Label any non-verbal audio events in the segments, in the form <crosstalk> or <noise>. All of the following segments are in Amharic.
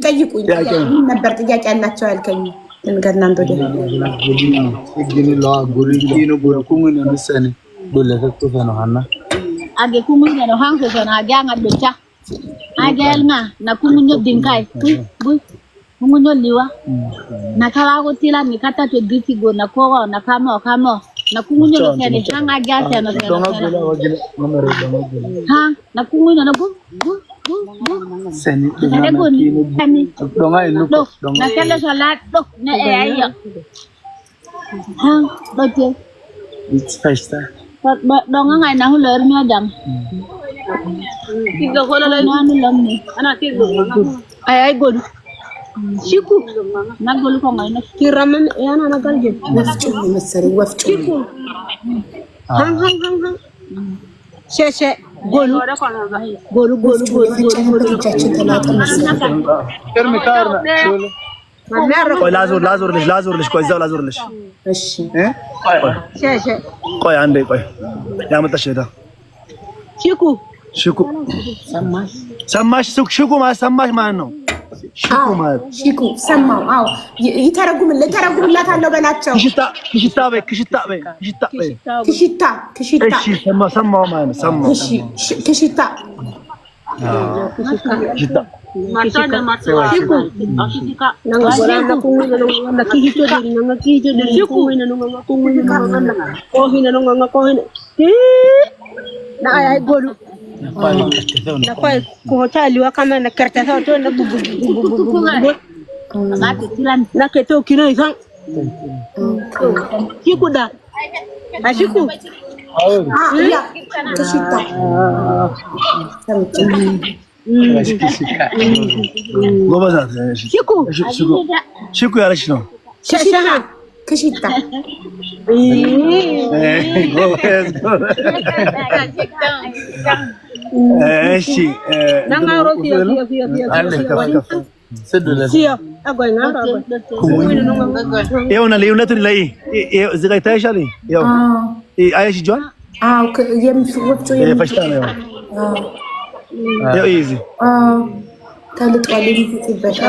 ይጠይቁኝ ነበር ጥያቄ ያላቸው ያልከኝ ከእናንተ ወዲያ age kumunye no hanko sona age anga docha age elma na kumunyo dinkai bu kumunyo liwa na kala ko tila ni kata to diti go na ko na kama kama na kumunyo no sene hanga age sene sene ha na kumunyo no bu bu seni it to mama kinig. Dong ay look. Dong. Nakala sa lahat. Dong. Na ay ayak. Ha? Dong. It's first ah. Dong nga na hular niya dam. Tidlo ko lang na ano lang ni. Ana tidlo. Ay ay good. Shiku. Nagol ko ngayon. Kiram yan ana galje. Wafcho masari wafcho. Shiku. Hang hang hang hang. ሸሸ ጎሉ ጎሉ ጎሉ ጎሉ ላዞርልሽ ቆይ፣ እዛው ላዞርልሽ። እሺ ቆይ አንዴ ቆይ። ያመጣሽ እህታ ሽኩ ሽኩ ሰማሽ፣ ሽኩ ሰማሽ ማለት ነው ሽኩ ሰማው። አዎ ይተረጉም ልተረጉምላታለሁ በላቸው። ክሽታ በይ፣ ክሽታ በይ፣ ክሽታ በይ፣ ክሽታ ክሽታ። እሺ ሰማው፣ ሰማው ማለት ነው። ሰማው ክሽታ ሽኩ Nakuwa kuhocha aliwa kama na kartasa watu na bubu bubu bubu na keto kino izan siku da ashiku siku ya rashi ነው ከሽታ እሺ ይሆናል። የእውነት ላይ እዚህ ጋር ይታይሻል። አየሽ እጇን ፈጭታ ነው ተልጧል።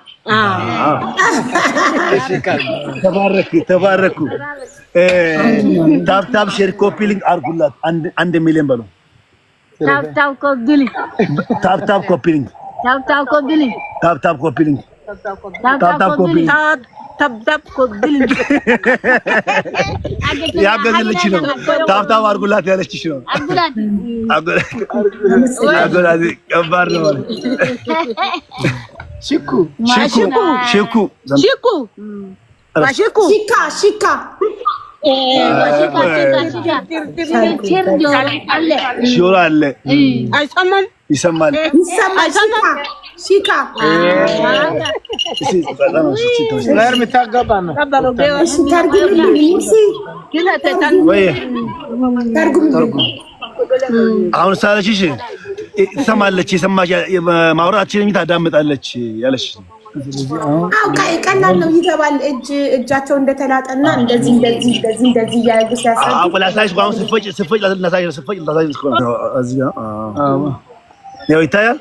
ተባረኩ። ታብታብ ሼር ኮፒ ሊንክ አድርጉላት። አንድ ሚሊዮን በሉ። ታብታብ ኮፒ ሊንክ ታብታብ ኮፒ ሊንክ ታብታብ ኮፒ ሊንክ ታብታብ ኮፒ ሊንክ ተብተብ እኮ ግል ነው። ታብታብ አርጉላት ያለችሽ ነው። አጎላት ከባድ ነው። ሽኩ ሽኩ ሽኩ ሽኩ ሽካ ሽካ ጆሮ ይሰማል። አሁን ሳለችሽ ትሰማለች፣ የሰማች ማውራታችንን ታዳምጣለች ያለች ቀላል ነው ይገባል። እጅ እጃቸው እንደተላጠና እንደዚህ እንደዚህ እንደዚህ እንደዚህ እያሉ ሲያሳያው ይታያል።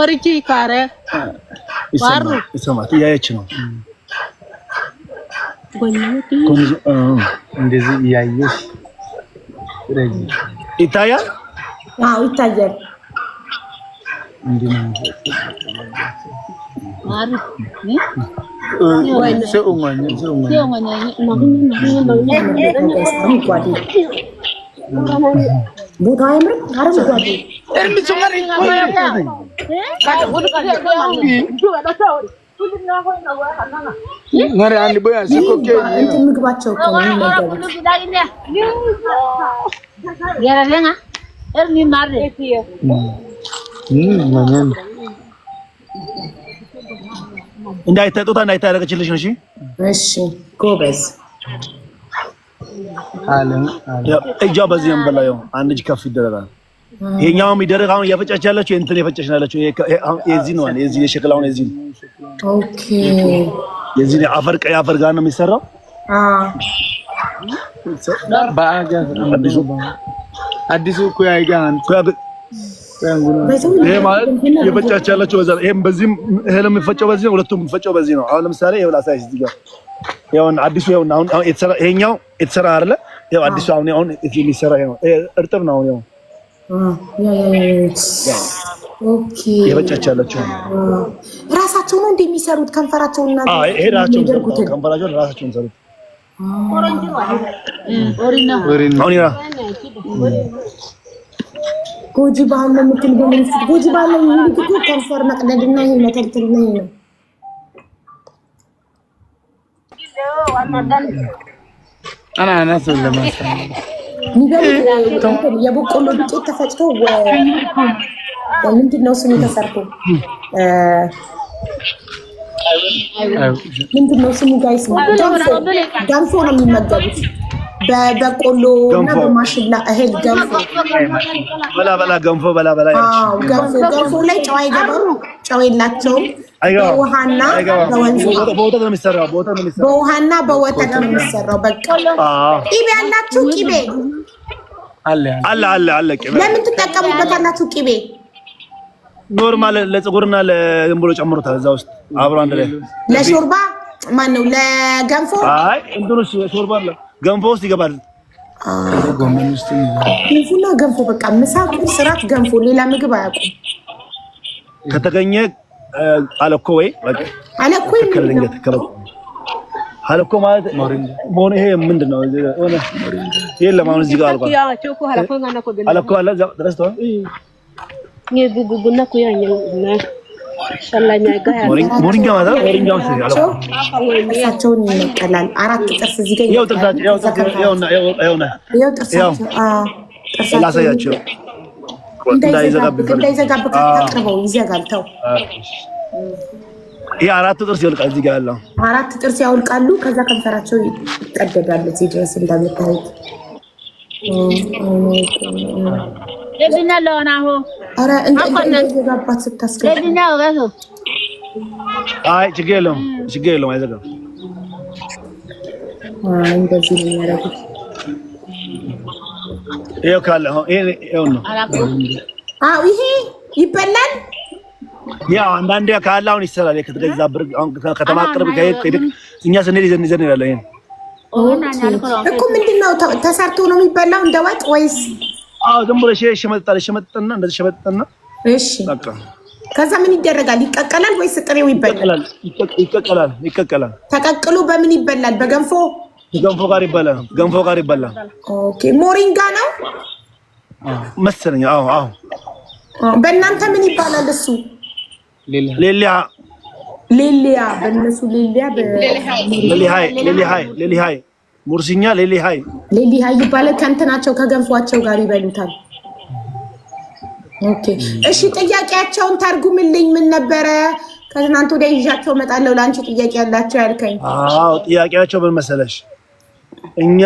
ወርጄ ካረ ባሩ እያየች ነው እንደዚህ እያየሽ ይታያል። አዎ ይታያል። ቦታ ምግባቸው እንዳይተጡታ እንዳይታረቅችልሽ ነው። እሺ ጎበዝ እጃ በዚህ ንበላየው አንድ እጅ ከፍ ይደረጋል። ይሄኛው ይደረግ። አሁን እያፈጫች ያለችው እንትን የፈጨች ነው የዚህ ነው አለ የዚህ የሸክላውን የዚህ ኦኬ የዚህ ነው አፈር ቀይ አፈር ጋር ነው የሚሰራው። አዲሱ ኩያይ ጋር ይሄ ማለት የፈጫች ያለችው በዛ። ይሄም በዚህም እህል የሚፈጨው በዚህ ነው። ሁለቱም የሚፈጨው በዚህ ነው። አሁን ለምሳሌ ይሄው ላሳይ እዚህ ጋር ይሄውን አዲሱ ይሄውን አሁን ይሄኛው የተሰራ አይደለ? ይሄው አዲሱ አሁን ይሄውን የሚሰራ ይሄው እርጥብ ነው አሁን ይሄው የበጨች ያለችው ራሳቸው ነው እንደሚሰሩት ከንፈራቸውን እና የሚያደርጉትን ሰሩት። ጎጂ ባህል ነው የምትል በሚኒስትር ጎጂ ባህል ነው የሚሉት እኮ ከንፈር መቅደድና ይሄ መተልተልና ይሄ ነው። አናናስ ለማሳ የበቆሎ ዱቄት ተፈጭቶ ምንድን ነው ስሙ ተሰርቶ ምንድን ነው ስሙ ጋይስ? ገንፎ ነው የሚመገቡት። በበቆሎ እና በማሽላ እህል ገንፎ በላ በላ ገንፎ በላ በላ ገንፎ ላይ ጨዋ ይገባሉ። ጨዋ የላቸውም። በውሃና በወተት ነው የሚሰራው። በቃ ቂቤ ቂቤ ለምን ቂቤ ኖርማል ለፀጉርና ጨምሮታል። እዛ ውስጥ አብሮ አንድ ላይ ለሾርባ ለገንፎ ገንፎ ውስጥ ይገባል። ገንፎና ገንፎ በቃ ምሳ፣ ቁርስ፣ እራት ገንፎ። ሌላ ምግብ አያውቁም ከተገኘ አለኮ ወይ አለኮ ማለት ሆነ። ይሄ ምንድን ነው? የለም አሁን እዚህ ጋር አለኮ አለ ረስተዋል። ሞሪንጋ ማለት ጥርሳቸውን ይነቀላል። አራት ጥርስ እዚህ ጋር ያው ጥርሳቸው እንዳይዘጋብህ አቅርበው። አራት ጥርስ ይወልቃል። እዚህ ጋር ያለው አራት ጥርስ ያወልቃሉ። ከዛ ከንፈራቸው ይቀደዳል። እዚህ ድረስ እንደምታዩት ችግር የለውም። አይዘጋም። እንደዚህ ነው የሚያደርጉት። ይሄው ካለ ይሄው ነው። አዎ ይሄ ይበላል። ያው አንዳንዴ ካለ አሁን ይሰራል። ከተገዛ ብር ከተማ ቅርብ ከሄድክ እኛ ስንሄድ ይዘን ይዘን ይላል። ይሄን እኮ ምንድን ነው ተሰርቶ ነው የሚበላው እንደ ወጥ ወይስ? አዎ ዝም ብሎ ሸመጥጣል። ሸመጥጥና እንደዚህ ሸመጥጥና። እሺ በቃ ከዛ ምን ይደረጋል? ይቀቀላል ወይስ ጥሬው ይበላል? ይቀቀላል። ይቀቀላል። ተቀቅሎ በምን ይበላል? በገንፎ ገንፎ ጋር ይበላል። ገንፎ ጋር ይበላል። ኦኬ ሞሪንጋ ነው መሰለኝ። አዎ አዎ። በእናንተ ምን ይባላል እሱ? ሌሊያ ሌሊያ፣ በእነሱ ሌሊያ። በሌሊሃይ ሌሊሃይ ሌሊሃይ፣ ሙርሲኛ ሌሊሃይ ሌሊሃይ ይባላል። ከእንትናቸው ከገንፏቸው ጋር ይበሉታል። ኦኬ እሺ፣ ጥያቄያቸውን ተርጉምልኝ። ምን ነበረ? ከትናንት ወዲያ ይዣቸው እመጣለሁ። ለአንቺ ጥያቄ ያላቸው ያልከኝ? አዎ ጥያቄያቸው ምን መሰለሽ እኛ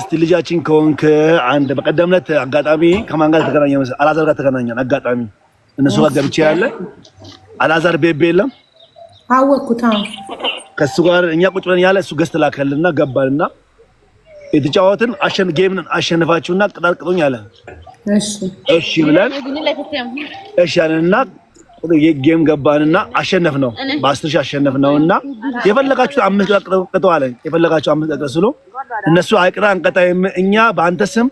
እስቲ ልጃችን ከሆንክ አንድ በቀደም ዕለት አጋጣሚ ከማን ጋር ተገናኘ መሰለህ? አላዛር ጋር ተገናኘን። አጋጣሚ እነሱ ጋር ገብቼ ያለ አላዛር ቤቤ የለም አወቅኩት። ከሱ ጋር እኛ ቁጭ ብለን ያለ እሱ ገዝት ላከልና ገባልና የተጫወትን አሸን ጌምን አሸንፋችሁና ቅጣቅጡኝ አለ። እሺ እሺ ብለን እሺ አለንና ጌም ገባንና አሸነፍ ነው በአስር ሺህ አሸነፍ ነው እና የፈለጋችሁ አምስት ቅጠው አለ የፈለጋችሁ አምስት ቅጠው ስሎ እነሱ አቅራ አንቀጣ እኛ በአንተ ስም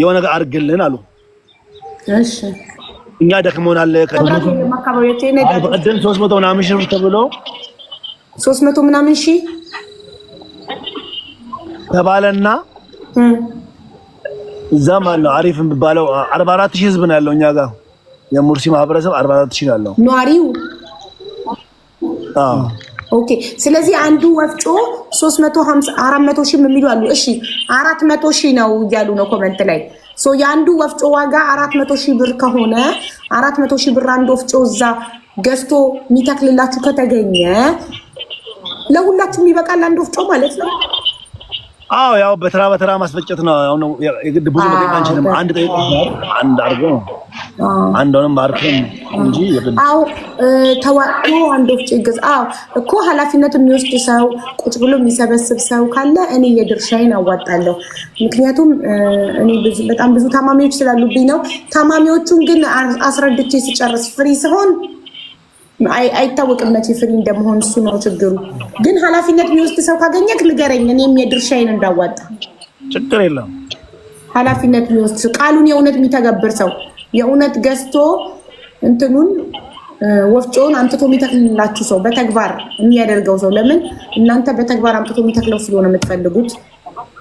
የሆነ ነገር አድርግልን አሉ። እኛ ደክሞናል። በቀደም ሶስት መቶ ምናምን ሺህ ተብሎ ሶስት መቶ ምናምን ሺህ ተባለና እዛም አለው አሪፍ የሚባለው አርባ አራት ሺህ ህዝብ ነው ያለው እኛ ጋር የሙርሲ ማህበረሰብ 44 ሺህ አለው ኗሪው። አዎ ኦኬ። ስለዚህ አንዱ ወፍጮ 350 400 ሺህ የሚሉ አሉ። እሺ 400 ሺህ ነው እያሉ ነው ኮመንት ላይ ሶ የአንዱ ወፍጮ ዋጋ 400 ሺህ ብር ከሆነ 400 ሺህ ብር አንድ ወፍጮ እዛ ገዝቶ የሚተክልላችሁ ከተገኘ ለሁላችሁም ይበቃል አንድ ወፍጮ ማለት ነው። አዎ ያው በተራ በተራ ማስፈጨት ነው። ያው ነው የግድ ብዙ ነገር አንችልም። አንድ ጠይቅ አንድ አድርጎ ነው አንዷንም አርፈን እንጂ አው ተዋቅቶ አንድ ወፍጮ ይገዛ። አው እኮ ኃላፊነት የሚወስድ ሰው ቁጭ ብሎ የሚሰበስብ ሰው ካለ እኔ የድርሻዬን አዋጣለሁ። ምክንያቱም እኔ በጣም ብዙ ታማሚዎች ስላሉብኝ ነው። ታማሚዎቹን ግን አስረድቼ ስጨርስ ፍሪ ሲሆን አይታወቅም መቼ ፍሪ እንደመሆን፣ እሱ ነው ችግሩ። ግን ኃላፊነት የሚወስድ ሰው ካገኘክ ንገረኝ፣ እኔም የድርሻዬን እንዳዋጣ። ችግር የለም ኃላፊነት የሚወስድ ቃሉን የእውነት የሚተገብር ሰው የእውነት ገዝቶ እንትኑን ወፍጮውን አምጥቶ የሚተክልላችሁ ሰው በተግባር የሚያደርገው ሰው። ለምን እናንተ በተግባር አምጥቶ የሚተክለው ስለሆነ የምትፈልጉት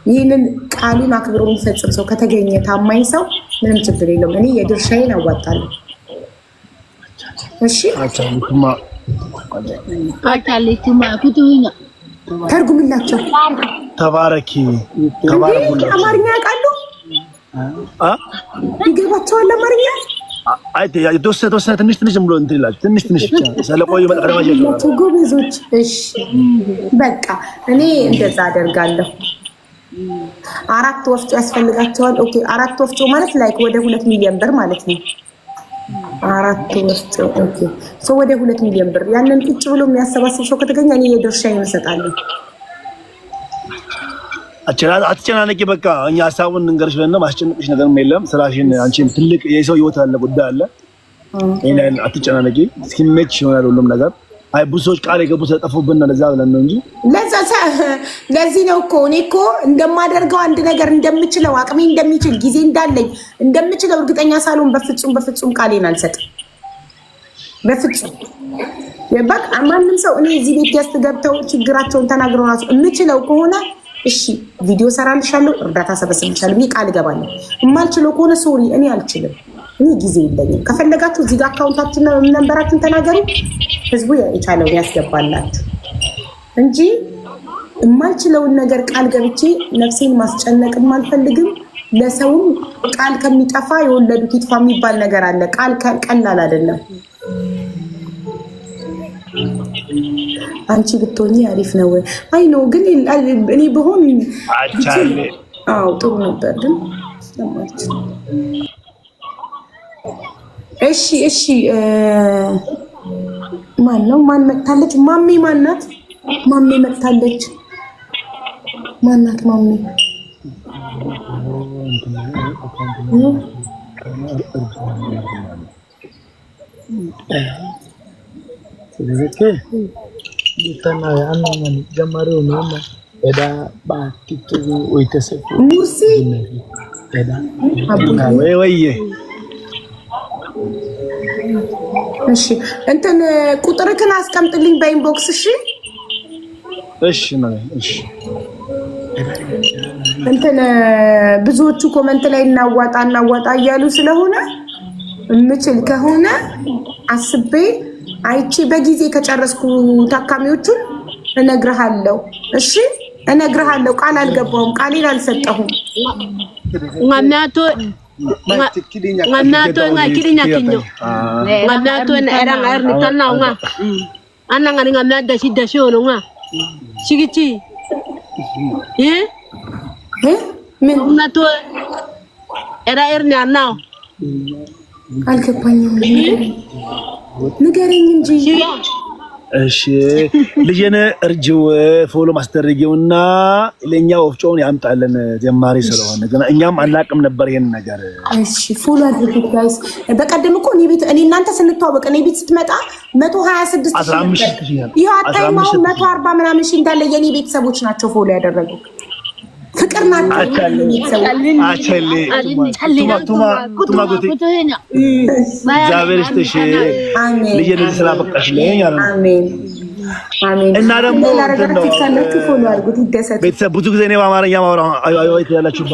ይህንን ቃሉን አክብሮ የሚፈጽም ሰው ከተገኘ ታማኝ ሰው ምንም ችግር የለውም። እኔ የድርሻዬን አዋጣለሁ። እሺ ተርጉምላቸው። ተባረኪ። አማርኛ ያውቃሉ ይገባቸዋል። አማርኛ አይ የተወሰነ ተወሰነ ትንሽ ትንሽ ዝም ብሎ እንትን ይላል። ትንሽ ትንሽ ስለቆዩ ጎበዞች። እሺ በቃ እኔ እንደዛ አደርጋለሁ። አራት ወፍጮ ያስፈልጋቸዋል። ኦኬ አራት ወፍጮ ማለት ላይክ ወደ ሁለት ሚሊዮን ብር ማለት ነው። አራት ወፍጮ ኦኬ፣ ሰው ወደ ሁለት ሚሊዮን ብር ያንን ቁጭ ብሎ የሚያሰባስብ ሰው ከተገኘ እኔ የድርሻዬን እሰጣለሁ። አትጨናነቂ፣ በቃ እኛ ሀሳቡን እንገርሽ ለና ማስጨነቅሽ ነገርም የለም። ስራሽን አንቺን ትልቅ የሰው ህይወት አለ ጉዳይ አለ። ይህን አትጨናነቂ፣ እስኪመች ይሆናል ሁሉም ነገር። አይ ብዙ ሰዎች ቃል የገቡ ስለጠፉብን ለዛ ብለን ነው እንጂ <laughs> ለዚህ ነው እኮ እኔ እኮ እንደማደርገው አንድ ነገር እንደምችለው አቅሜ እንደሚችል ጊዜ እንዳለኝ እንደምችለው እርግጠኛ ሳልሆን በፍጹም በፍጹም ቃሌን አልሰጥም። በፍጹም በቃ ማንም ሰው እኔ እዚህ ቤት ያስተገብተው ችግራቸውን ተናግረው እራሱ የምችለው ከሆነ እሺ ቪዲዮ ሰራልሻለሁ፣ እርዳታ ሰበስብልሻለሁ ብዬ ቃል እገባለሁ። የማልችለው ከሆነ ሶሪ፣ እኔ አልችልም፣ እኔ ጊዜ የለኝም። ከፈለጋችሁ እዚህ ጋር አካውንታችንና ነንበራችን ተናገሩ፣ ህዝቡ የቻለውን ያስገባላችሁ እንጂ የማልችለውን ነገር ቃል ገብቼ ነፍሴን ማስጨነቅም አልፈልግም። ለሰውም ቃል ከሚጠፋ የወለዱት ይጥፋ የሚባል ነገር አለ። ቃል ቀላል አይደለም። አንቺ ብትሆኚ አሪፍ ነው። አይ ነው ግን እኔ በሆን አዎ ጥሩ ነበር ግን እሺ፣ እሺ። ማን ነው? ማን መታለች? ማሜ ማናት? ማሜ መታለች። ማናት? ማሜ ስለዚህ ተናያን ጀማሪ ሆኖ ኤዳ ባቲቱ ወይተሰፉ ሙርሲ ኤዳ ወይ ወይ እሺ እንትን ቁጥርክን አስቀምጥልኝ በኢንቦክስ። እሺ እሺ እሺ። እንትን ብዙዎቹ ኮመንት ላይ እናዋጣ እናዋጣ እያሉ ስለሆነ የምችል ከሆነ አስቤ አይቺ በጊዜ ከጨረስኩ ታካሚዎቹን እነግርሃለሁ። እሺ እነግርሃለሁ። ቃል አልገባሁም፣ ቃሌን አልሰጠሁም። ማናቶ አልገባኝም። ንገረኝ እንጂ እሺ። ልጄን እርጅው ፎሎ ማስደረጊውና ለእኛ ወፍጮውን ያምጣለን። ጀማሪ ስለሆነ ግን እኛም አናቅም ነበር ይሄን ነገር። እሺ ፎሎ አድርጉት ጋይስ። በቀደም እኮ እኔ ቤት እኔ እናንተ ስንተዋወቅ እኔ ቤት ስትመጣ 126 ይሄ አታይማው 140 ምናምን ሺ እንዳለ የኔ ቤተሰቦች ናቸው ፎሎ ያደረጉት ፍቅር ናቸው። እና ደግሞ ቤተሰብ ብዙ ጊዜ እኔ በአማርኛ ማውራ አዩዋ ቤት ያላችሁ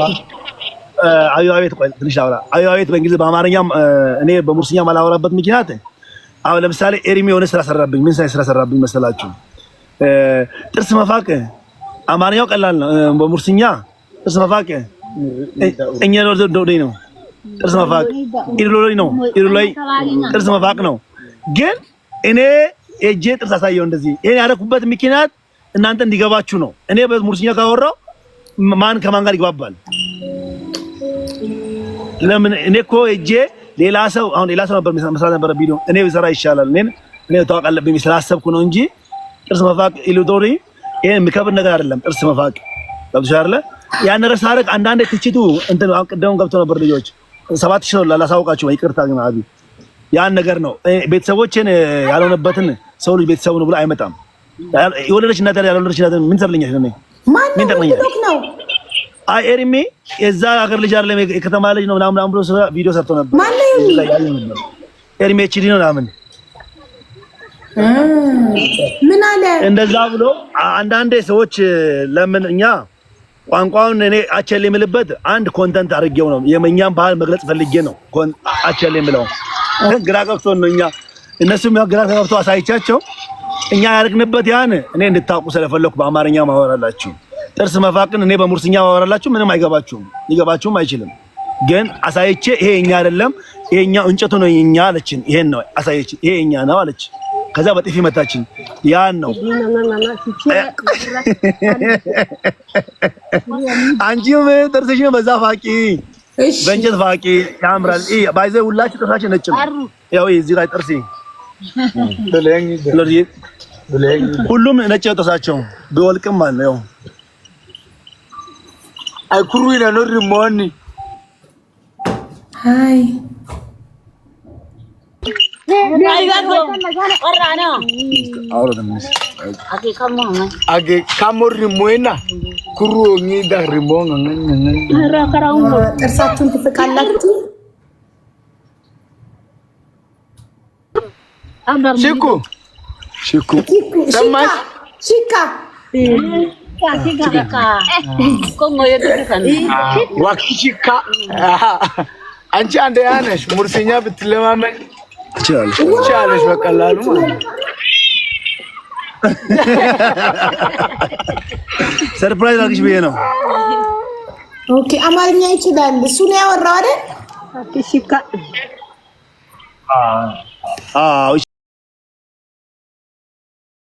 አዩዋ ቤት ቆይ ትንሽ ላውራ። አዩዋ ቤት በእንግሊዝ በአማርኛም እኔ በሙርስኛ ማላወራበት ምክንያት አሁን ለምሳሌ ኤርሚ የሆነ ስራ ሰራብኝ። ምን ሳይ ስራ ሰራብኝ መሰላችሁ? ጥርስ መፋቅ አማርኛው ቀላል ነው። በሙርስኛ ጥርስ መፋቅ እኛ ዶዶኝ ነው። ጥርስ መፋቅ ኢዶሎኝ ነው። ኢዶሎይ ጥርስ መፋቅ ነው። ግን እኔ እጄ ጥርስ አሳየው እንደዚህ። ይሄን ያደረኩበት ምክንያት እናንተ እንዲገባችሁ ነው። እኔ በሙርሲኛ ካወራው ማን ከማን ጋር ይግባባል? ለምን እኔ እኮ እጄ ሌላ ሰው አሁን ሌላ ሰው ነበር መስራት ነበር ቢሉ እኔ ብሰራ ይሻላል። እኔ እኔ ታውቃለብኝ ስላሰብኩ ነው እንጂ ጥርስ መፋቅ ኢሉዶሪ ይሄን የሚከብድ ነገር አይደለም። ጥርስ መፋቅ ለብቻ አይደለ ያን ረሳረቅ አንዳንድ ትችቱ እንትን ቅድም ገብቶ ነበር። ልጆች ሰባት ሺህ ነው ላሳውቃችሁ፣ ይቅርታ ግን አቢ ያን ነገር ነው። ቤተሰቦችን ያልሆነበትን ሰው ልጅ ቤተሰቡ ነው ብሎ አይመጣም። የወለደች እናት ያልወለደች እናት ምን ትሰብለኛለች? ነው ምን ትጠቅመኛለች? አይ ኤርሚ የዛ ሀገር ልጅ አይደለም የከተማ ልጅ ነው ምናምን ብሎ ቪዲዮ ሰርቶ ነበር። ኤርሚ ኤችዲ ነው ምናምን ምን አለ እንደዛ ብሎ አንዳንዴ ሰዎች ለምን እኛ ቋንቋውን እኔ አቸል የምልበት አንድ ኮንተንት አድርጌው ነው የመኛም ባህል መግለጽ ፈልጌ ነው አቸል የምለው። ግራ ገብቶን ነው እኛ እነሱም ግራ ተገብቶ አሳይቻቸው እኛ ያደርግንበት ያን እኔ እንድታውቁ ስለፈለኩ በአማርኛ ማወራላችሁ። ጥርስ መፋቅን እኔ በሙርስኛ ማወራላችሁ ምንም አይገባችሁም፣ ሊገባችሁም አይችልም። ግን አሳይቼ ይሄ እኛ አይደለም ይሄ እንጨቱ ነው እኛ አለችን። ይሄን ነው አሳይቼ ይሄ እኛ ነው አለች። ከዛ በጥፊ መታችኝ። ያን ነው አንቺም ጥርስሽን በዛ ፋቂ፣ በእንጨት ፋቂ ያምራል። ባይዘ ሁላችሁ ጥርሳችን ነጭ ነው። ያው እዚህ ላይ ጥርሴ ሁሉም ነጭ ጥርሳቸው ቢወልቅም አለ ያው አይ ኩሩ ይና ሞኒ ሃይ Aki kamori mwena kuruo ngida ribonga ngene ngene. Ara kara umu. Ersa tun tu fekalatu. Shiku. Shiku. Shika. Shika. Wakishika. Anchi ande anesh mursinya bitlema mani. ትችላለች ትችላለች በቀላሉ ማለት ነው። ሰርፕራይዝ አድርግሽ ብዬ ነው። ኦኬ አማርኛ ይችላል እሱ ነው ያወራው አይደል?